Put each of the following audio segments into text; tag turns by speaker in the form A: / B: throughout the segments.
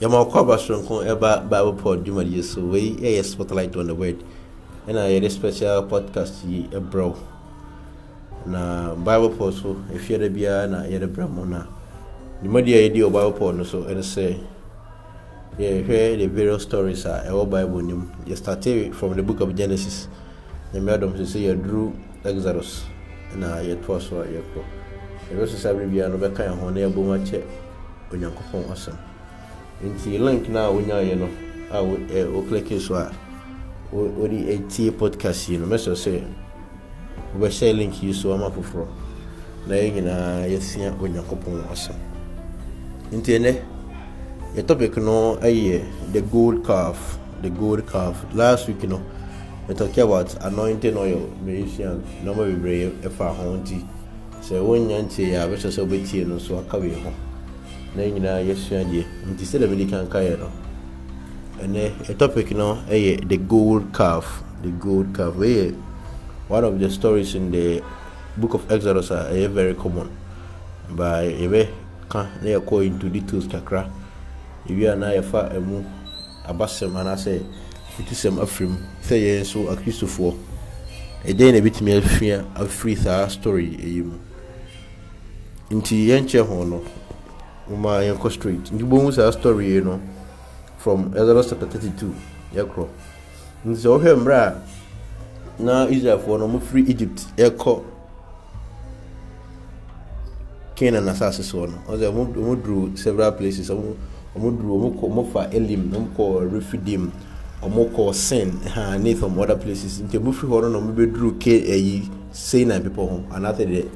A: yɛma wɔkɔ aba soronko ɛba bible pod dwumadeyɛ so wei ɛyɛ spotlight on the word ɛna yɛde special podcast yi ɛbrɛ na bible pod so ɛfiada biara na yɛde brɛ mo na dwumadeɛ a yɛdi wɔ bible pod no so ɛne sɛ yɛhwɛ the various stories a uh, ɛwɔ bible nim yɛstarte from the book of genesis nyame adɔm sɛ sɛ yɛaduru exodus na yɛtoa so a yɛkɔ yɛbɛso sɛ aberɛ biara no bɛka yɛ ho na yɛbom akyɛ onyankopɔn asɛm nti link na wonyaeɛ no a wokleke so a wode ɛtie podcast yi no mɛsɛ sɛ wobɛhyɛ link yi so ama foforɔ na yɛn nyinaa yɛsua onyankopɔn asɛm nti ɛnɛ yɛ topic no ɛyɛ the gold calf the gold calf last week no yɛtɔke about anointing oil bɛyɛsua nɔma bebree ɛfa ho nti sɛ wonya ntie a bɛsɛ sɛ wobɛtie no nso aka wei ho na nyinaa yɛsua deɛ nti sɛdeɛ mede kankaeɛ no ɛnɛ topic no ɛyɛ the gold calf the gold calf ɛyɛ one of the stories in the book of exodus a ɛyɛ very common but yɛbɛka na yɛkɔ into details kakra ebi anaa yɛfa ɛmu abasɛm anaasɛ fitisɛm afirim sɛ yɛn nso akristofoɔ ɛdɛn na ɛbɛtumi afia afiri saa story yi mu nti yɛnkyɛ ho no ma yɛnkɔ straight nti bohu saa story yi no from exodus chapter 32 yɛkorɔ nti sɛ wohwɛ mmerɛ a na israelfoɔ no mofiri egypt yɛkɔ canaan asase soɔ no ɔsɛ ɔmoduru several places ɔmoduru ɔmofa elim ɔmokɔ refidim ɔmokɔ sen ha nathom other places nti ɔmofiri hɔ no na ɔmobɛduru ayi sinai bepɔ ho anaasɛ deɛ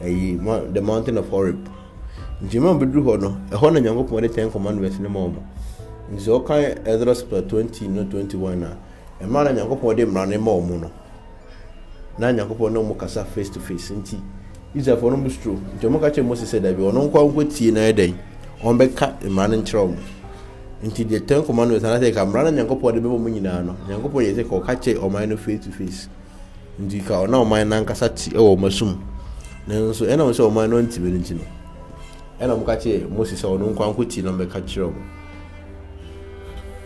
A: ayi the mountain of horeb nkyɛnmu a bɛduru hɔ no ɛhɔ na nyankopɔn de ten commandments ne ma wɔn nti sɛ ɔka twenty no twenty one a ɛmaa na nyankopɔn de mmara ne ma wɔn no na nyankopɔn ne wɔn kasa face to face nti israelfoɔ no mu suro nti wɔn ka kyerɛ mose sɛ dabi ɔno nkɔ nkɔ tie na ɛdɛn wɔn bɛka mmara no nkyerɛ wɔn nti deɛ ten commandments anasɛ ka mmara na nyankopɔn de bɛma wɔn nyinaa no nyankopɔn yɛ sɛ ka ɔka kyerɛ ɔman no face to face nti ka ɔna ɔman nankasa ti ɛwɔ wɔn asum nanso ɛnam sɛ ɔman no ntumi nti no ɛna mo ka kyerɛ mose sɛ ɔno nkwa nko ti na mɛka kyerɛ mo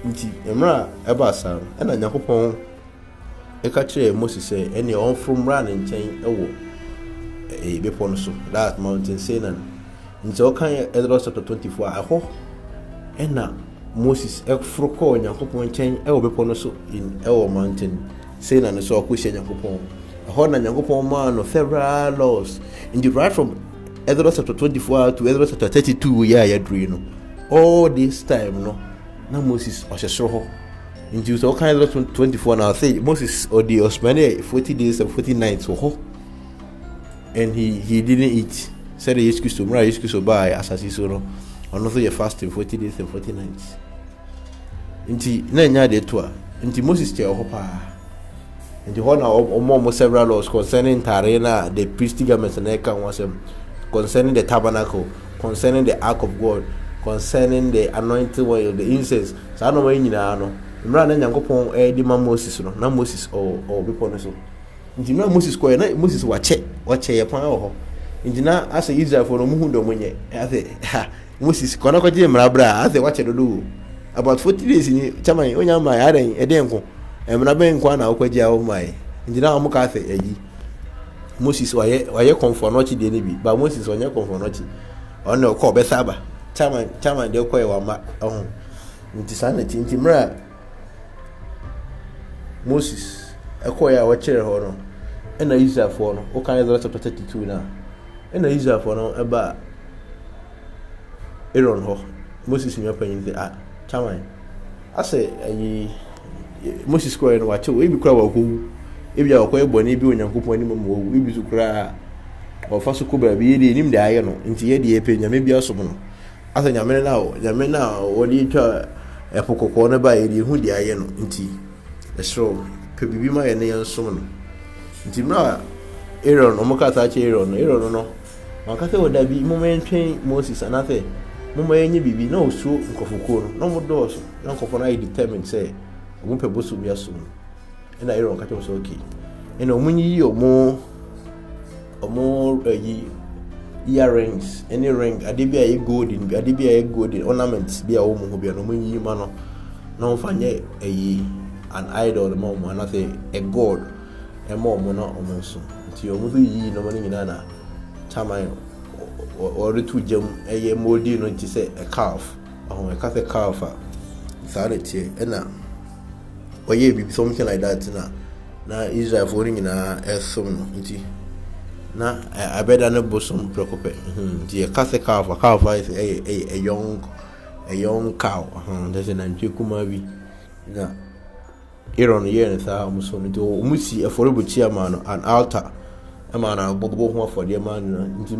A: nti mmerɛ a ɛba saa no ɛna nyankopɔn ɛka kyerɛ mose sɛ ɛneɛ ɔmforo mmra ne nkyɛn ɛwɔ ɛyɛ bepɔ no so that mountain senan nti ɔka ɛdrɔ chapter 24 a ɛhɔ ɛna moses ɛforo kɔɔ nyankopɔn nkyɛn ɛwɔ bepɔ no so in ɛwɔ mountain senan so ɔkɔhyia nyankopɔn ɛhɔ na nyankopɔn maa no several laws nti right from Exodus chapter four to Exodus chapter 32 yɛ a yɛduru yi no all this time no na Moses ɔhyɛ soro hɔ nti sɛ ɔka twenty four. na ɔsɛ Moses ɔde ɔsomani forty days and forty nights wɔ hɔ and he he didn't eat sɛdeɛ Yesu Kristo mmara Yesu Kristo baa asase so no ɔno nso yɛ fasting 40 days and forty nights nti na ɛnyɛ adeɛ to a nti Moses kyɛ hɔ paa nti hɔ na ɔmɔ ɔmɔ several laws concerning ntare na the priestly garments na ɛka ho asɛm concerning the tabernacle concerning the ark of god concerning the anointing oil the incense saa nneɛma yi nyinaa no mmerɛ a na nyankopɔn ɛredi ma moses no na moses ɔwɔ ɔwɔ bepɔ no so nti mmerɛ a moses kɔɛ na moses wakyɛ wakyɛ yɛ paa wɔ hɔ nti na asɛ israelfoɔ no muhu dɔm nyɛ asɛ ha moses kɔnɔ kɔgye mmara bra asɛ wakyɛ dodo wo about forty days ni kyama yi onya mmaa yɛ adɛn ɛdɛn nko mmara bɛn nko a na wɔkɔgye a wɔn mmaa yɛ nti na wɔn ka asɛ ɛyi. moses ɔyɛ ɔyɛ kɔnfɔ bi ba moses onye kɔnfɔ n'ɔkyi ọ na ɔbɛsa aba chairman chairman deɛ ɔkɔ yɛ wama nti na mmerụ a moses ɛkɔ ya a wɔkyerɛ hɔ nọ ɛna israelfoɔ afọ ɔka yɛ zɔlɔ chapter thirty na ɛna israelfoɔ no ɛba aaron hɔ moses a chairman asɛ ɛyi moses kɔɛ no wakyɛw ebi kura ebi a ɔkɔyɛ bɔne bi onyankopɔn anim ma wawu ebi so koraa ɔfa so kɔ baabi yɛ deɛ enim deɛ ayɛ no nti yɛ deɛ ɛpɛ nyame bi asom no asɛ nyame no a nyame no a wɔde twa ɛpo kɔkɔɔ no baa yɛ deɛ ehu deɛ ayɛ no nti ɛsoro pɛ biribi ma yɛ ne yɛn som no nti mmerɛ a aaron no ɔmo kasa kyerɛ aaron no aaron no wankasa wɔ dabi moma yɛntwɛn moses anaasɛ moma yɛnyɛ biribi na ɔsuo nkɔfokuo no na ɔmo dɔɔso na nkɔfo no ayɛ determined sɛ ɔmo pɛ bosom bi asom no ɛna aaron ka kyerɛ wɔn sɛ okay ɛna wɔn yiyi wɔn wɔn ɛyi eh, ear rings ɛne ring adeɛ bi a ɛyɛ golden bi adeɛ bi a ɛyɛ golden ornament bi a wɔn mu ho bi a wɔn yiyi ma no na wɔn fa nyɛ ɛyi eh, an idol ma wɔn anaasɛ a eh, god ɛma wɔn na wɔn nso nti wɔn nso yiyi nneɛma no nyinaa na taman wɔretu gyam ɛyɛ moldi no nti sɛ a calf ɔhɔn ɛka sɛ calf a saa na tie ɛna. onye biribi something like that na na israelfoɔ no nyinaa ɛsom no nti na abɛda no bosom prɛko pɛ nti yɛka sɛ cow fa cow fa ɛyɛ ɛyɛ a cow ɛhɛn nantwie kumaa bi na aaron ya no saa ɔmo so no nti si ma no an altar ɛma no abɔbɔ ho afɔdeɛ ma no nti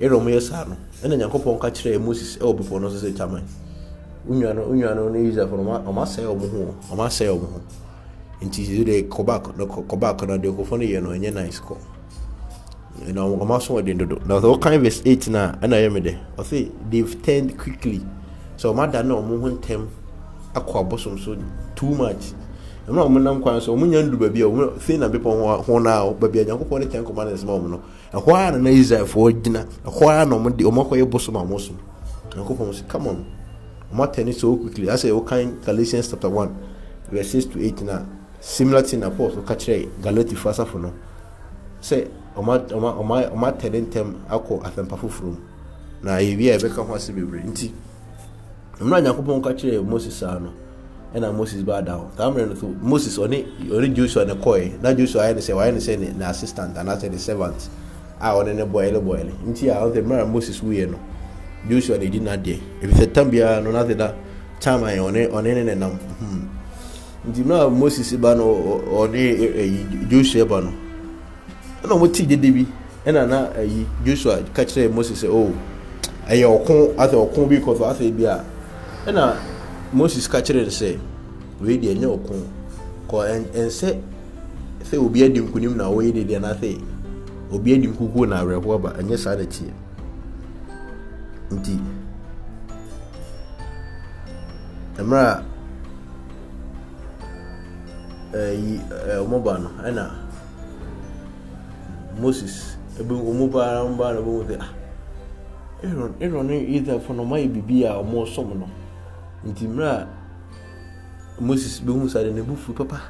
A: mmerɛ a saa no ɛna nyankopɔn ka moses ɛwɔ bepɔ no so unyano unyano ne user for ma ma sɛ ɔmo ho ɔmo asɛ ɔmo ho nti sisi de kɔba kɔba akɔnɔ de okofo no yɛ no ɛnyɛ nice kɔ na ɔmo aso wɔ de dodo na ɔsɛ ɔkan verse eight na ɛna ɛyɛ mi dɛ ɔsɛ they turned quickly so ɔmo ada na ɔmo ho ntɛm akɔ abosom so too much ɛmuna ɔmo nam kwan so ɔmo nya ndu baabi a ɔmo se na bepɔ ho na baabi a nyankopɔn ne tɛn kɔma ne nsɛm ɔmo no ɛhɔ ara na na israelfoɔ gyina ɛhɔ ara na ɔmo de ɔmo akɔyɛ bosom a ɔmo som come on I'm not turning so quickly. That's a okay Galatians chapter 1, verses 6 to 8 now. Similar thing apostle catch Galati fasa for no. Say, Oma Oma Oma Oma turning them ako atempa fufuru. Na ebi a ɛbɛka ho ase bebree nti mmerɛ nyankopɔn ka kyerɛ moses saa no ɛna moses ba da hɔ saa no so moses ɔne ɔne joshua ne kɔɛ na joshua ayɛ ne sɛ wayɛ ne sɛ ne assistant anaasɛ ah, ne servant a ɔne ne bɔɛle bɔɛle nti a ɔno sɛ mmerɛ moses wuyɛ no joshua na n'adeɛ ebi sɛ tam biara no n'asɛ da tam ayɛ ɔne ɔne ne nenam hmm nti na moses ba no ɔne ɛyi joshua ba no ɛna wɔn ti dede bi ɛna na ɛyi joshua ka moses sɛ o ɛyɛ ɔko asɛ ɔko bi kɔtɔ asɛ bi a ɛna moses ka kyerɛ no sɛ wei deɛ ɔko na ɔyɛ dedeɛ na na awerɛhoɔ ba saa na nti mmerɛ a ɛyi eh, eh, ɔmo ba no ɛna moses ebi ɔmo ba ɔmo ba no ɔmo sɛ ah aaron aaron ne israelfoɔ no ɔmo ayɛ bibi a ɔmo som no nti mmerɛ a moses bi hu sa de ne bu fu papa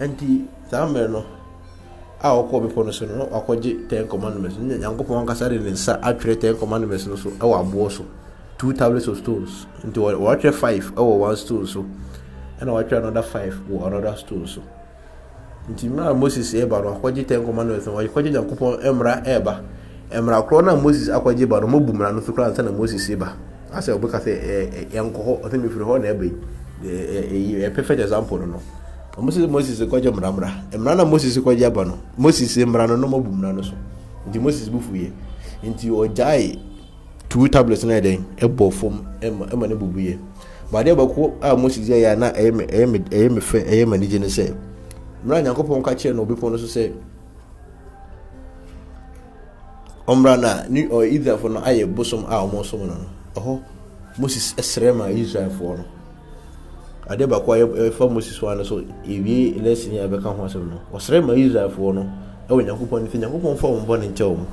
A: nti saa mmerɛ no a wɔkɔ bepɔ no so no wakɔgye ten commandments no nyankopɔn ankasa de ne nsa atwerɛ ten commandments no so ɛwɔ aboɔ so two tablets of stones nti wɔatwerɛ five ɛwɔ one stone so ɛna wɔatwerɛ another five wɔ another stone so nti mmerɛ a moses ɛba no wakɔgye ten commandments no wakɔgye nyankopɔn mmara ɛba mmara korɔ no a moses akɔgye ba no mobu mmara no so koraa ansa na moses ba asɛ wobɛka sɛ ɛnkɔ hɔ ɔsɛ mefiri hɔ na ɛba yi ɛyi ɛpɛfɛt example no no moses moses kɔgye mmeramera mmera na moses kɔgye aba no moses mmera no nom abu mmera no so nti moses bu fuyɛ nti ɔgyae two tablets na ɛdɛn ɛbɔ e fam ɛma e ɛma e ne bubu yɛ badeɛ baako a moses yɛ yɛ na ɛyɛ me ɛyɛ me ɛyɛ me fɛ ɛyɛ me anigye ne sɛ mmera nyankopɔn ka kyerɛ no ɔbɛpɔ no so sɛ ɔmmera na ne ɔ israelfoɔ no ayɛ bosom a ɔmo som no no ɛhɔ moses ɛsrɛ ma israelfoɔ no ade baako a yɛfa moses wa no so ewie lesson a yɛbɛka ho asɛm no ɔsrɛ ma israelfoɔ no ɛwɔ nyankopɔn no sɛ nyankopɔn fa wɔn bɔne nkyɛ wɔn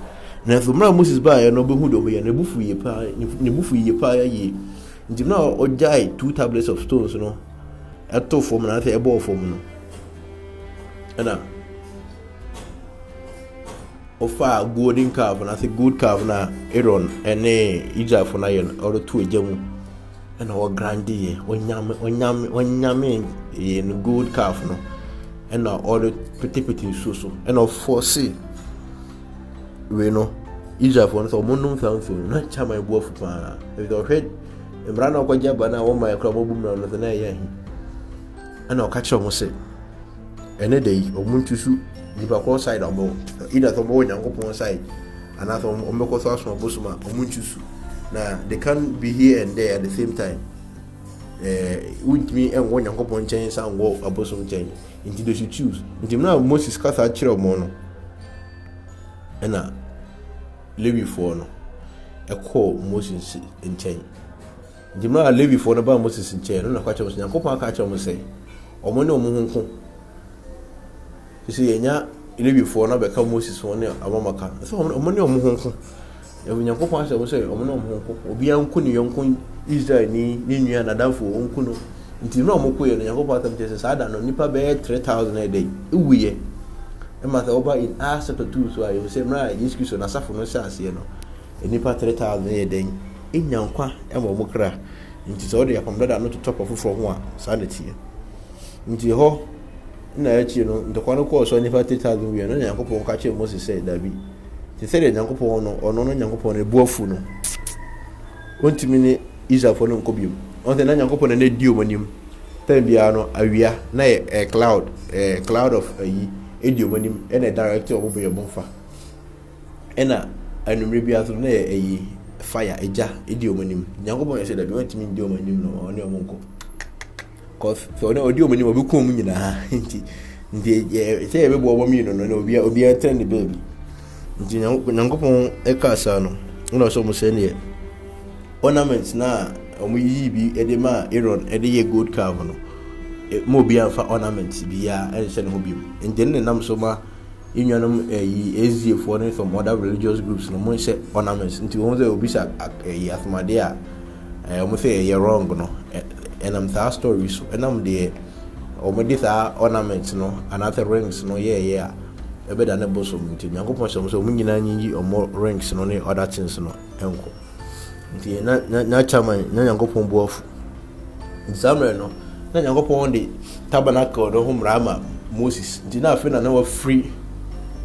A: nanso mmerɛ a moses baeɛ no ɔbɛhu dɔm yɛ nebufu yie paa nebufu yie paa yie nti mu na ɔgyae two tablets of stones no ɛto fam na sɛ ɛbɔɔ fam no ɛna ɔfaa golden calf na sɛ gold calf na aaron ɛne israelfoɔ no ayɛ no ɔreto agya mu ɛna ɔgrande yɛ ɔnyame ɔnyame ɔnyame yɛ no gold calf no ɛna ɔde petepete nsuo so ɛna ɔfɔse wei no israelfoɔ no sɛ ɔmo nom saa nsuo no na kyɛ man bu afu paa ebi sɛ ɔhwɛ mmara na ɔkɔgya ba na wɔma ɛkora ɔmo bu mmara no sɛ na ɛyɛ ahi ɛna ɔka kyerɛ ɔmo sɛ ɛne da yi ɔmo ntusu nipa korɔ side ɔmo either sɛ ɔmo wɔ nyankopɔn side anaasɛ ɔmo bɛkɔ so asom abosom a ɔmo ntusu na they can be here and there at the same time wontumi ɛnwɔ nyankopɔn nkyɛn sa abosom nkyɛn nti they should choose nti na moses kasa kyerɛ ɔmo no ɛna eh, lewifoɔ no ɛkɔɔ moses nkyɛn nti na lewifoɔ no moses nkyɛn eh, no na kɔ akyerɛ sɛ aka akyerɛ sɛ moses wɔn ne ɛsɛ ɛwɔ nyankopɔn asɛ wo sɛ ɔmo ne ɔmo nko obiara nko ne yɔnko israel ni ne nua nadamfo ɔnko no nti na ɔmo koyɛ no nyankopɔn atam kyerɛ sɛ saa da no nipa bɛyɛ three thousand ɛdɛ ewuyɛ ɛma sɛ ɔba in a sɛtɔ two so a yɛwɔ sɛ mmerɛ a yesu kristo n'asafo no hyɛ aseɛ no nipa three thousand yɛ dɛn enya nkwa ɛma ɔmo kra nti sɛ ɔde apam dada no totɔ pa foforɔ ho a saa na tiɛ nti hɔ na ɛkyi no ntɔkwa no kɔɔ so nipa three thousand wiɛ no nyankopɔn ka kyerɛ mose sɛ dabi te sɛdeɛ nyankopɔn no ɔno no nyankopɔn no bu afu no ɔntumi ne israelfoɔ no nkɔ biom ɔn sɛ na nyankopɔn no na ɛdi ɔm anim time biara no awia na yɛ ɛ eh, cloud ɛ eh, cloud of ayi eh, ɛdi ɔm anim ɛna direct ɔmo bɛyɛ ɔmo fa ɛna anumere biara so na yɛ ayi fire ɛgya ɛdi ɔm anim nyankopɔn yɛ sɛ dabi ɔntumi ndi ɔm anim no ɔne ɔmo nkɔ cause sɛ ɔne ɔdi ɔm anim ɔbi kɔn mu nyinaa nti nti yɛ sɛ yɛ bɛbɔ ɔmo mmienu no na obiara obiara tɛn ne baabi nti nyankopɔn ɛka saa no ɛna sɛ ɔmo sɛ neɛ ornament na a ɔmo yiyi bi ɛde ma aaron ɛde yɛ gold calf no mo bi anfa ornament biara ɛnhyɛ ne ho bi mu nti ne nam so ma nnuanom ɛyi aziefoɔ ne from other religious groups no mo nhyɛ ornament nti wɔn sɛ obi sɛ ɛyi asomadeɛ a ɛɛ wɔn sɛ ɛyɛ wrong no ɛnam saa story so ɛnam deɛ wɔn de saa ornament no anaasɛ rings no yɛɛyɛ a. Yeah, yeah ɛbɛda e, ah, ah. ne bosom nti nyankopɔn hyɛ m sɛ ɔmu nyinaa nyiyi ɔmo rings no ne other things no ɛnkɔ nti na chairman na nyankopɔn boafo saa mmerɛ no na nyankopɔn de tabernacle no ho mmara ama moses nti na afei na na wafiri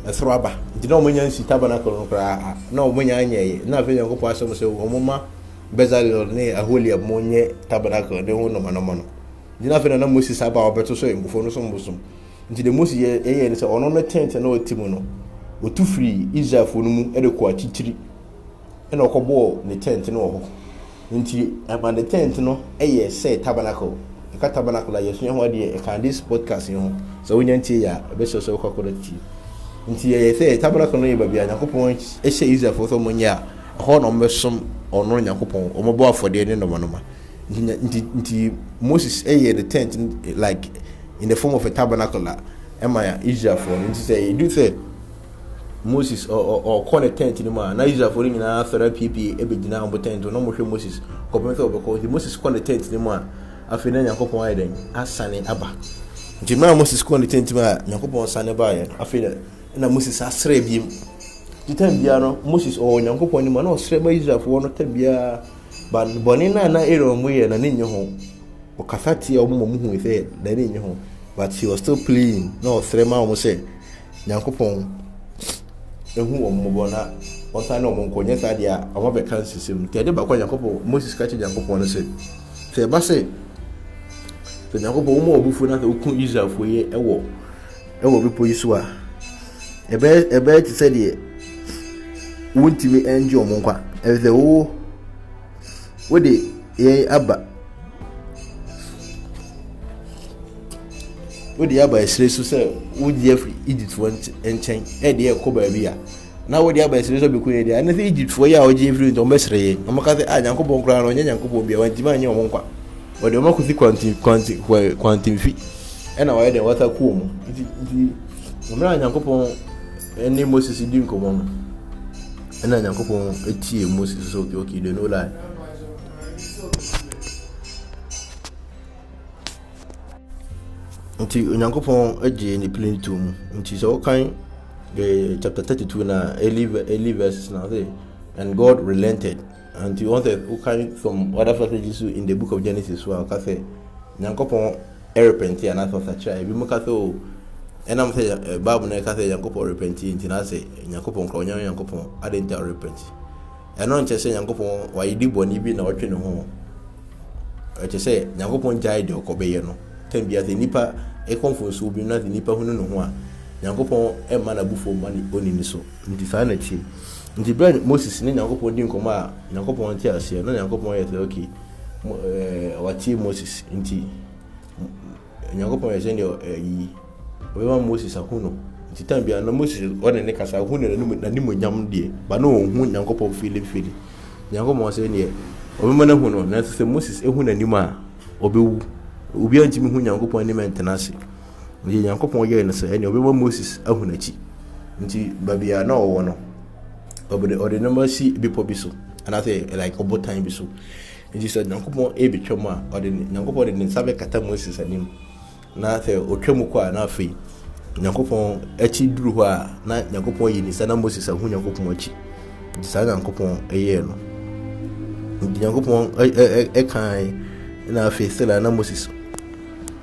A: ɛsoro aba nti na ɔmanya nsi tabernacle no koraa na ɔmanya anyɛyɛ na afei nyankopɔn asɛm sɛ ɔmoma bezalel ne aholiab mo nyɛ tabernacle ne ho nɔmanɔma no nti na afei na na moses aba a ɔbɛto so mbufoɔ no so mbosom nti deɛ mose yɛ ɛyɛ no sɛ ɔno ne tent na ɔte mu no ɔtu firi israelfoɔ no mu de kɔ akyikyiri ɛna ɔkɔbɔɔ ne tent no wɔ hɔ nti ama ne tent no yɛ sɛ tabernacle ɛka tabernacle a yɛsua ho adeɛ ɛka this podcast yi ho sɛ wonya ntie yɛ a ɛbɛsɛ sɛ wokɔ akɔdɔ tie nti yɛyɛ sɛ tabernacle no yɛ baabi a nyankopɔn hyɛ israelfoɔ sɛ ɔmonyɛ a ɛhɔ na ɔmobɛsom ɔno nyankopɔn ɔmɔbɔ afɔdeɛ ne nɔmanoma nti nti moses yɛ ne tent like in the form of a tabernacle a ɛma israelfoɔ no nti sɛ yɛdu sɛ moses ɔkɔ ne tent no mu a na israelfoɔ no nyinaa sɔre apiepie ɛbɛgyina ɔmo tent na ɔmohwɛ moses kɔpem sɛ ɔbɛkɔ nti moses kɔ ne tent no mu a afei na nyankopɔn ayɛ dɛn asane aba nti mmerɛ a moses kɔ ne tent mu a nyankopɔn sane baeɛ afei na moses asrɛ biem nti tam biara no moses ɔwɔ nyankopɔn anim a na ɔsrɛ ma israelfoɔ no tam biara bɔne no a na aaron mu yɛ na ne nyɛ ho ɔkasa teɛ ɔmo ma mu hu sɛ na ne nyɛ ho but he was still playing na ɔsrɛ ma wɔn sɛ nyankopɔn ehu wɔn mmɔbɔ na ɔsan na wɔn nkɔnyɛ saa deɛ a wɔn abɛka nsisi mu tɛde baako nyankopɔn moses kakyɛ nyankopɔn no sɛ sɛ ɛba sɛ sɛ nyankopɔn wɔn a wɔbufuo na sɛ wɔku israelfoɔ yɛ ɛwɔ ɛwɔ bepɔ yi so a ɛbɛyɛ ɛbɛyɛ te sɛ deɛ wɔntumi ɛngye wɔn nkwa ɛfɛ wo wode yɛn aba. wode aba ɛsere so sɛ wogye afiri egyptfoɔ nkyɛn ɛde ɛkɔ baabi a na wode aba ɛsere so bɛkɔ yɛ deɛ ɛne sɛ egyptfoɔ yi a wɔgye afiri nti ɔmbɛsere yɛ ɔmaka sɛ a nyankopɔn koraa no ɔnyɛ nyankopɔn bia wantimi anyɛ ɔmo nkwa wɔde ɔma kɔsi kwantemfi ɛna wɔyɛ deɛ wɔsa kuo mu nti nti mmerɛ a nyankopɔn ne moses di nkɔmmɔ no ɛna nyankopɔn tie moses so okay okay they no lie nti onyankopɔn agye ne plane to mu nti sɛ wokan eh, chapter 32 na early verses na sɛ and god relented nti wɔn sɛ wokan from other passages so in the book of genesis so a wɔka sɛ nyankopɔn ɛrepɛnti anaasɛ ɔsakyera ebi mu ka sɛ o oh, ɛnam sɛ eh, baabu na ɛka sɛ nyankopɔn repɛnti nti na sɛ nyankopɔn kora ɔnyɛ nyankopɔn adi nti a repɛnti ɛno nkyɛ sɛ nyankopɔn wayi di bi na ɔtwe ne ho ɛkyɛ sɛ nyankopɔn gyae deɛ ɔkɔbɛyɛ no tɛn bi a sɛ nipa. ɛkɔ mfonso bi na de nipa hunu ne ho a nyankopɔn ɛma n'abufuo ma onini so nti saa na tie nti bɛrɛ moses ne nyankopɔn di nkɔmɔ a nyankopɔn te aseɛ na nyankopɔn yɛ sɛ ok ɛɛ moses nti nyankopɔn yɛ sɛ deɛ ɛyi ɔbɛma moses ahunu nti tan bia na moses ɔne ne kasa ahunu n'animonyam deɛ ba na ohun nyankopɔn filifili nyankopɔn sɛ deɛ ɔbɛma n'ahunu nanso sɛ moses ehun n'anim a ɔbɛwu. obiara ntumi hu nyankopɔn ne mɛntena ase nti nyankopɔn yɛɛ no sɛ ɛnea moses ahu n'akyi nti baabi a na ɔwɔ no ɔbɛde ɔde ne ma si bepɔ bi so like ɔbotan bi so nti sɛ nyankopɔn ɛbɛtwa mu a ɔde nyankopɔn de ne nsa bɛkata moses anim na sɛ ɔtwa mu kɔ a na nyankopɔn akyi duru hɔ a na nyankopɔn yi n'isa na moses ahu nyankopɔn akyi nti saa nyankopɔn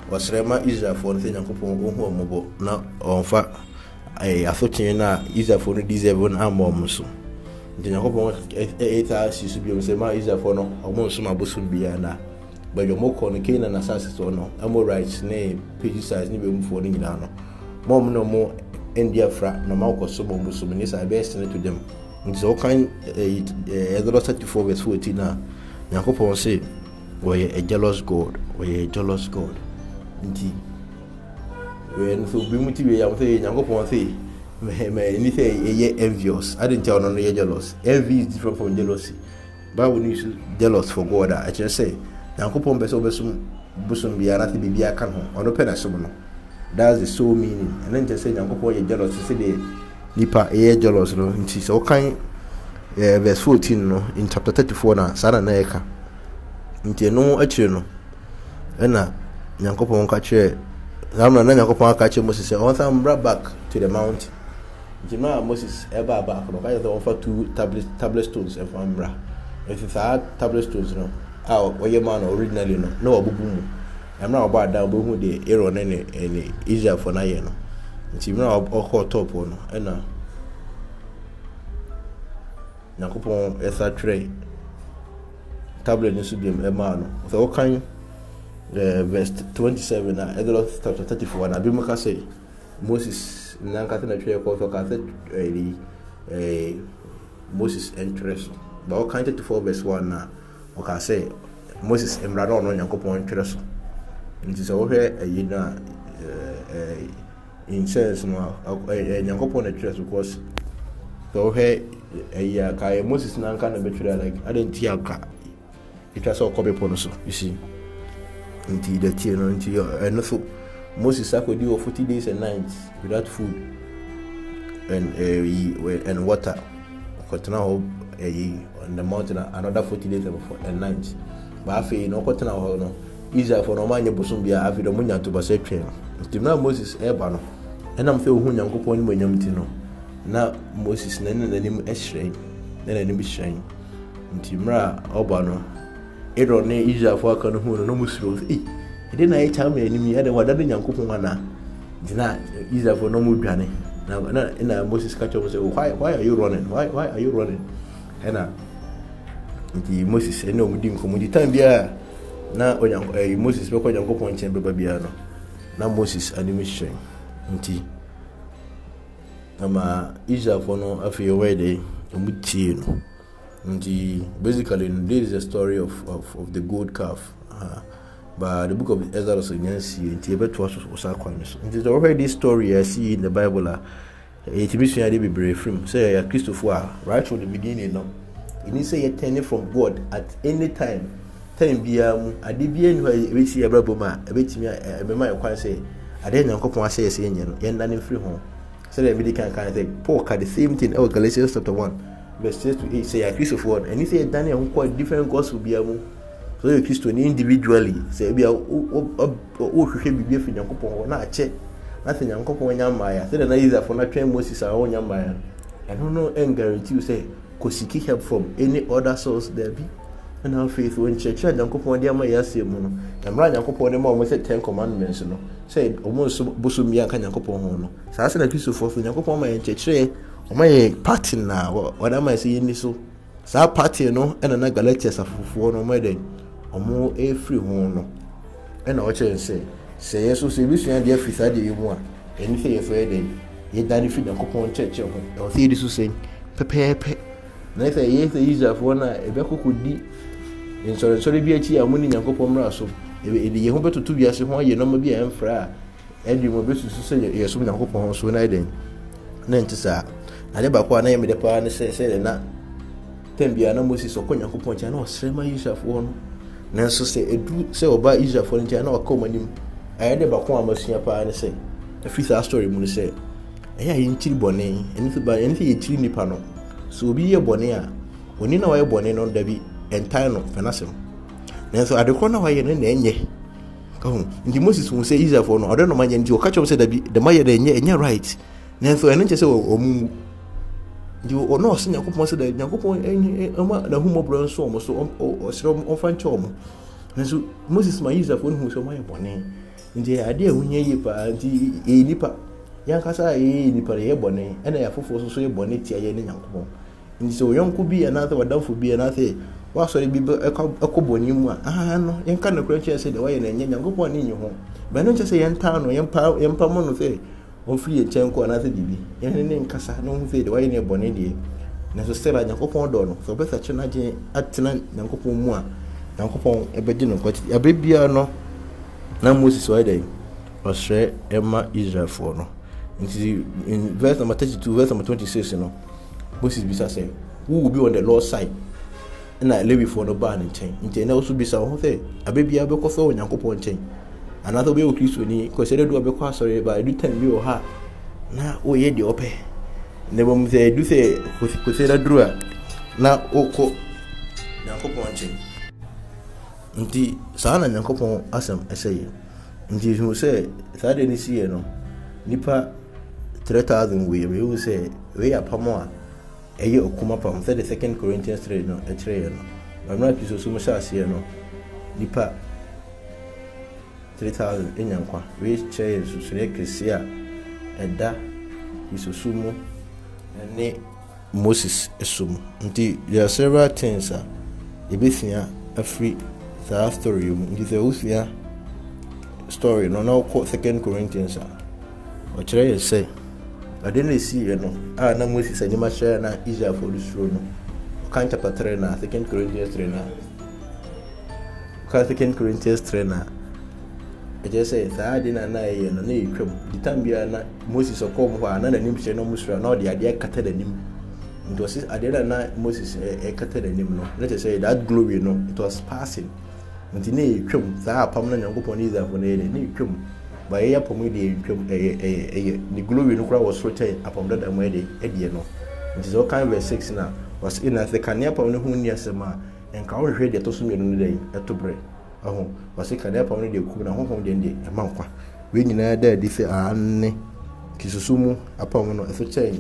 A: wɔsrɛ ma israelfoɔ no sɛ nyankopɔn ɔhu ɔ mobɔ na ɔmfa asotwe no a israelfoɔ no deserve no amma ɔm so nti nyankopɔn ɛtaa si so biom sɛ ma israelfoɔ no ɔmo nsom abosom biara na bɛdwa mokɔ no kana na asase soɔ no ɛmo right ne page size ne bɛmufoɔ no nyinaa no ma ɔmo ne ɔmo ɛndi afra na ma wokɔ so ma ɔmo som ne saa ɛbɛyɛ to dam nti sɛ wokan ɛdɔdɔ 34 verse 14 a nyankopɔn se wɔyɛ a jealous god wɔyɛ a jealous god nti wei no sɛ obi mu ti wei a sɛ nyankopɔn sɛ ɛni sɛ ɛyɛ envious ade nti a ɔno no yɛ jealous envy is different from jealousy bible no use jealous for god a ɛkyerɛ sɛ nyankopɔn pɛ sɛ wobɛsom bosom biara ase biribi aka ho ɔno pɛ na som no that's the sole meaning ɛno nkyɛ sɛ nyankopɔn yɛ jealous sɛdeɛ nipa ɛyɛ jealous no nti sɛ wokan eh, verse 14 no in chapter 34 na saa na na ɛka nti ɛno akyire no ɛna nyankopɔn ka kyerɛ namna na nyankopɔn aka kyerɛ moses sɛ ɔnsa mbra back to the mountain nti mmerɛ a moses ɛba aba akoro ka kyerɛ sɛ ɔmfa two tablet tablet stones ɛfa mmra nti saa tablet stones no a ɔyɛ maa no originally no na wɔbubu mu mmerɛ a ɔbɔ adan ɔbɛhu deɛ aaron ne ne ne israelfoɔ no ayɛ no nti mmerɛ a ɔkɔɔ top no ɛna nyankopɔn ɛsa twerɛ tablet no so biam ɛmaa no sɛ ɔkan Eh, verse 27 na exodus chapter 34 na abimaka sɛ moses nankasa eh, eh, na twɛ kɔ so ɔka sɛ ɛyi moses ntwerɛ so ba ɔka 34 verse 1 na ɔka sɛ moses mmara no ɔno nyankopɔn ntwerɛ so nti sɛ wohwɛ ɛyi no a incense no a nyankopɔn na twerɛ so because sɛ wohwɛ ɛyi a kaeɛ moses nanka na bɛtwerɛ like adɛnti aka ɛtwa sɛ ɔkɔ bepɔ no so you see nti dɛteɛ no nti ɛno so moses akɔdi wɔ forty days and nights without food and uh, and water ɔkɔtena hɔ ɛyi on the mountain another forty days and nights ba afei na ɔkɔtena hɔ no israelfoɔ na ɔmo anyɛ bosom bia afei na ɔmo nya ntobasa twɛn nti na moses ɛɛba no ɛnam fɛ ohun nyankopɔn ne mo enyam ti no na moses na ne n'anim ɛhyerɛn na n'anim hyerɛn nti mmerɛ a ɔba no aaron ne israelfoɔ aka no hu no na ɔmo sɛ ɛde na yɛkya ma anim yi ɛde wada ne nyankopɔn ana nti na israelfoɔ na ɔmo na moses ka kyerɛ wɔn sɛ oh, why are you running why are you running ɛna nti moses ɛna ɔmo di nti tan biara na moses bɛkɔ nyankopɔn nkyɛn bɛba biara no na moses anim hyerɛn nti ama israelfoɔ no afei ɔwɔ yɛ tie no. The, basically, this is a story of, of, of the gold calf. Uh, but the book of Ezra also you, it yɛbɛto aso saa kwan so this story I see in the bible it yɛtumi sua ade bebree firi mu sɛ yɛyɛ kristofoɔ right from the beginning no say a yɛtɛne from god at any time time biara mu ade biara ni hɔ a ɛbɛsi yɛbrabɔ mu a ɛbɛtumi a ɛbɛma yɛ kwan sɛ say nyankopɔn ahyɛ yɛ sɛ yɛnyɛ no yɛnna ne mfiri ho sɛdeɛ ɛbi di kan kan paul the same thing oh galatians chapter one verse 6 to 8 sɛ yɛ akristofoɔ no ɛne sɛ yɛdane yɛn kɔ different gospel bia mu so yɛ kristo ne individually sɛ ebi a wɔrehwehwɛ biribi afiri nyankopɔn hɔ na akyɛ na sɛ nyankopɔn nya mmaaya sɛdeɛ na israelfoɔ no atwɛn moses a wɔnya mmaaya no ɛno no ɛngarantiw sɛ kɔsiki help from any other source daabi ɛna afei so nkyerɛkyerɛ nyankopɔn de ama yɛ asɛm mu no mmerɛ nyankopɔn de ma wɔn sɛ ten commandments no sɛ wɔn nso bosom yɛ anka nyankopɔn ho no saa sɛ na kristofoɔ so nyankopɔn ma yɛn nkyerɛkyerɛ wɔn ayɛ party na wɔde ama ɛsɛ yɛn ni so saa party no ɛna na galatians afofoɔ no wɔn ayɛ dɛ wɔn efiri ho no ɛna ɔkyerɛ nsɛ sɛ yɛ so sɛ ebi sua deɛ firi saa deɛ yɛ mu a ɛni sɛ yɛ so yɛ dɛ yɛda ne firi nyankopɔn kyerɛkyerɛ ho ɛwɔ sɛ yɛde so sɛ pɛpɛɛpɛ na sɛ yɛ sɛ israelfoɔ no a ɛbɛkoko di nsɔrɔnsɔrɔ bi akyi a wɔn ne nyankopɔn mmra so ɛde yɛn ho bɛtoto wiase ho ayɛ nneɛma bi a ɛmfra a ɛde mu bɛsusu sɛ yɛ so nyankopɔn so na yɛ dɛ na nti saa ade baako a na yɛ mede paa ne sɛ sɛ na tam biara na moses ɔkɔ nyankopɔn nkyɛn na ɔsrɛ ma israelfoɔ no nanso sɛ ɛduru sɛ ɔba israelfoɔ no nkyɛn na ɔka ɔm anim ɛyɛ de baako a masua paa ne sɛ afiri saa story mu no sɛ ɛyɛ a yɛnkyiri bɔne ɛne sɛ yɛkyiri nnipa no sɛ obi yɛ bɔne a ɔni na wayɛ bɔne no dabi ɛntan no fɛ nanso ade korɔ na wayɛ no na ɛnyɛ kahu nti moses hu sɛ israelfoɔ no ɔdɛ na ɔma nyɛ nti ɔka kyerɛm sɛ dabi dɛma yɛ dɛ ɛnyɛ ɛnyɛ right nanso ɛno nkyɛ sɛ ɔmu nti ɔno ɔsɛ nyankopɔn sɛ da nyankopɔn ɛma n'ahummɔborɔ nso ɔmo so ɔsrɛ ɔmfa nkyɛ ɔmo nso moses ma israelfoɔ no hu sɛ ɔmayɛ bɔne nti adeɛ a ɛhonya yie paa nti ɛyɛ nipa yɛnkasa a ɛyɛ nipa no yɛ bɔne ɛna yɛafoforɔ nso so yɛ bɔne tia yɛ ne nyankopɔn nti sɛ ɔyɔnko bi anaasɛ wadamfo bi anaasɛ wasɔre bi ɛkɔ bɔne mu a aha no yɛnka nokorɛ nkyerɛ sɛ deɛ wayɛ no ɛnyɛ nyankopɔn ne nyi ho bɛno nkyɛ sɛ yɛntaa no yɛmpa mo no sɛ ɔmfiri yɛ nkyɛn kɔ anaasɛ biribi yɛne ne nkasa na ɔmfiri deɛ wayɛ ne bɔne deɛ nanso sɛra nyankopɔn dɔ no sɛ wobɛsakyɛ no agye atena nyankopɔn mu a nyankopɔn ɛbɛgye no nkwa titi aberɛ biara no na moses wayɛ dɛn ɔsrɛ ɛma israelfoɔ no nti in verse number thirty two verse number twenty six no moses bisa sɛ who will be on the lord side ɛna lewifoɔ no baa ne nkyɛn nti ɛnɛ nso bisa wɔn sɛ aberɛ biara bɛkɔ sɛ wɔ nyankopɔn nkyɛn anaasɛ wobɛyɛ okristoni kɔsɛ dɛ du wobɛkɔ asɔre ba ɛdu tam bi wɔ hɔ a na woyɛ deɛ ɔpɛ na mmom sɛ ɛdu sɛ kɔsɛ da duru a na wokɔ nyankopɔn nkyɛn nti saa na nyankopɔn asɛm ɛsɛ yɛ nti hu sɛ saa ni no siiɛ no nipa 3000 wei mehu sɛ wei apam a ɛyɛ ɔkoma pam sɛde second corinthians three no ɛkyerɛeɛ no bammerɛ kristo so mu hyɛ aseɛ no nipa 3000 ɛnya nkwa wei kyerɛ yɛ nsusureɛ kɛseɛ a ɛda yɛsusu mu ne moses so mu nti there are several things a yɛbɛsua afiri saa story mu um, nti sɛ wosua story no na wokɔ second corinthians a ɔkyerɛ yɛ sɛ ade no ɛsiiɛ ah, no a na moses anim akyerɛ na israelfoɔ no suro no ɔka chapter 3 na second corinthians 3 na ɔka second corinthians 3 na ɛkyɛ sɛ saa ade na na ɛyɛ no na ɛtwam di tam biara na moses ɔkɔɔ mu hɔ a na n'anim hyɛ na ɔmo sura na ɔde adeɛ kata n'anim nti ɔsi adeɛ na na moses ɛkata n'anim no na kyɛ sɛ that glory no it was passing nti na ɛtwam saa apam na nyankopɔn ne israelfo no yɛ dɛ na ɛtwam ba ɛyɛ apam yi deɛ ɛtwam ɛyɛ ɛyɛ ɛyɛ ne glory no koraa wɔ soro kyɛ apam dada mu ɛdeɛ ɛdeɛ no nti sɛ ɔkan verse six na ɔsi na sɛ kanea apam no ho nni asɛm a nka ɔhwehwɛ deɛ ɛtɔ ɔho ɔsi kanea pam no deɛ kum na ahohom deɛ deɛ ɛma nkwa wei nyinaa da adi sɛ aane kisusu mu apam no ɛso kyɛn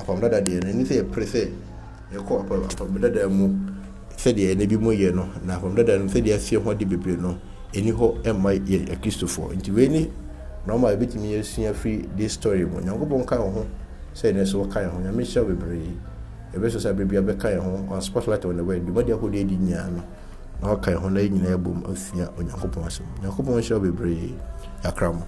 A: apam dada deɛ no ɛni sɛ yɛpere sɛ yɛkɔ apam apam dada mu sɛdeɛ ɛna bi mu yɛ no na apam dada no sɛdeɛ asie ho ade bebree no ɛni hɔ ɛma yɛ akristofoɔ nti wei ni nɔɔma a ebitumi esua firi de story mu nyankopɔn ka ho sɛ ɛna so ka ho nyame hyɛ bebree ebi so sɛ bebree abɛka ho on spotlight on the way dwumadie ahodoɔ edi nyinaa no. na ɔka ɛho na yɛ nyinaa bom asua onyankopɔn ahyɛm onyankopɔn hyɛ wo bebree yɛakra mo